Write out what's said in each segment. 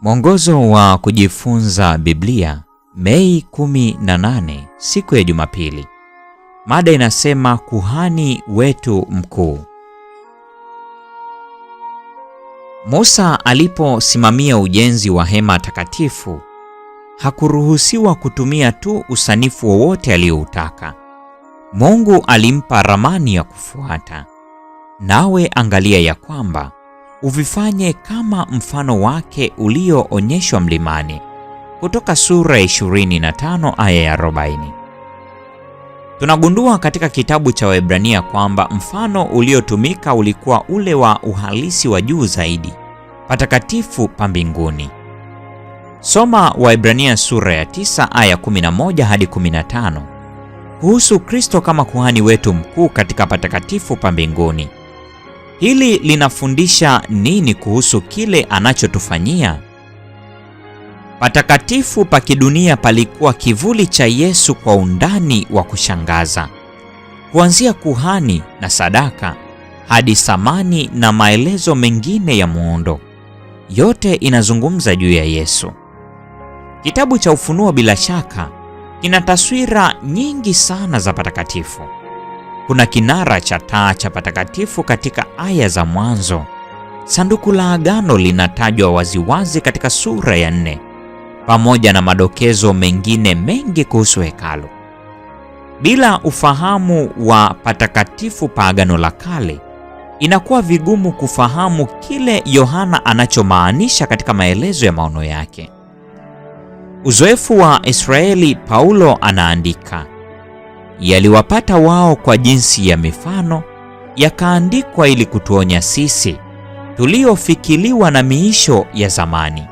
Mwongozo wa kujifunza Biblia, Mei 18, siku ya Jumapili. Mada inasema kuhani wetu mkuu. Musa aliposimamia ujenzi wa hema takatifu, hakuruhusiwa kutumia tu usanifu wowote aliyoutaka Mungu alimpa ramani ya kufuata. Nawe angalia ya kwamba uvifanye kama mfano wake ulioonyeshwa mlimani. Kutoka sura ya 25 aya ya 40. Tunagundua katika kitabu cha Waebrania kwamba mfano uliotumika ulikuwa ule wa uhalisi wa juu zaidi, patakatifu pa mbinguni. Soma Waebrania sura ya 9 aya 11 hadi 15 kuhusu Kristo kama kuhani wetu mkuu katika patakatifu pa mbinguni. Hili linafundisha nini kuhusu kile anachotufanyia? Patakatifu pa kidunia palikuwa kivuli cha Yesu kwa undani wa kushangaza. Kuanzia kuhani na sadaka hadi samani na maelezo mengine ya muundo, yote inazungumza juu ya Yesu. Kitabu cha Ufunuo bila shaka kina taswira nyingi sana za patakatifu kuna kinara cha taa cha patakatifu katika aya za mwanzo. Sanduku la agano linatajwa waziwazi katika sura ya nne pamoja na madokezo mengine mengi kuhusu hekalu. Bila ufahamu wa patakatifu pa agano la kale, inakuwa vigumu kufahamu kile Yohana anachomaanisha katika maelezo ya maono yake. Uzoefu wa Israeli, Paulo anaandika yaliwapata wao kwa jinsi ya mifano, yakaandikwa ili kutuonya sisi tuliofikiliwa na miisho ya zamani.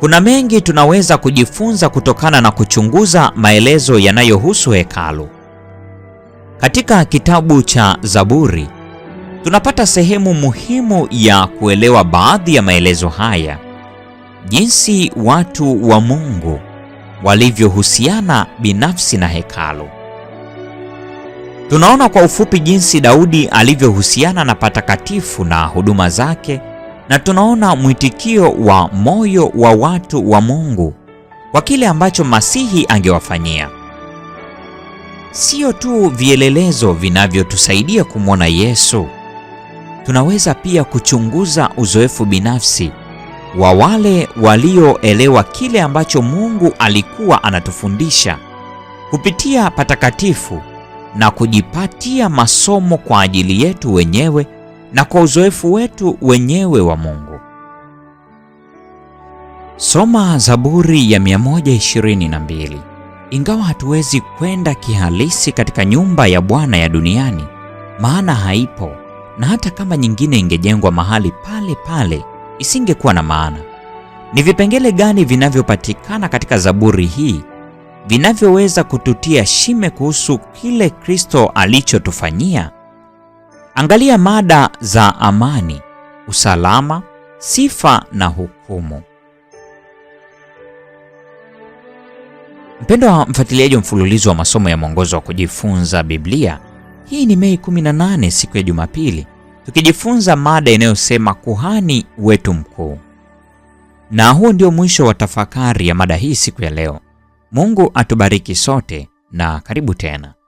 Kuna mengi tunaweza kujifunza kutokana na kuchunguza maelezo yanayohusu hekalu. Katika kitabu cha Zaburi tunapata sehemu muhimu ya kuelewa baadhi ya maelezo haya, jinsi watu wa Mungu walivyohusiana binafsi na hekalu. Tunaona kwa ufupi jinsi Daudi alivyohusiana na patakatifu na huduma zake, na tunaona mwitikio wa moyo wa watu wa Mungu kwa kile ambacho Masihi angewafanyia. Sio tu vielelezo vinavyotusaidia kumwona Yesu, tunaweza pia kuchunguza uzoefu binafsi wa wale walioelewa kile ambacho Mungu alikuwa anatufundisha kupitia patakatifu na kujipatia masomo kwa ajili yetu wenyewe na kwa uzoefu wetu wenyewe wa Mungu. Soma Zaburi ya 122. Ingawa hatuwezi kwenda kihalisi katika nyumba ya Bwana ya duniani, maana haipo, na hata kama nyingine ingejengwa mahali pale pale isingekuwa na maana. Ni vipengele gani vinavyopatikana katika Zaburi hii vinavyoweza kututia shime kuhusu kile Kristo alichotufanyia? Angalia mada za amani, usalama, sifa na hukumu. Mpendwa mfuatiliaji wa mfululizo wa masomo ya mwongozo wa kujifunza Biblia, hii ni Mei 18 siku ya Jumapili tukijifunza mada inayosema kuhani wetu mkuu. Na huo ndio mwisho wa tafakari ya mada hii siku ya leo. Mungu atubariki sote na karibu tena.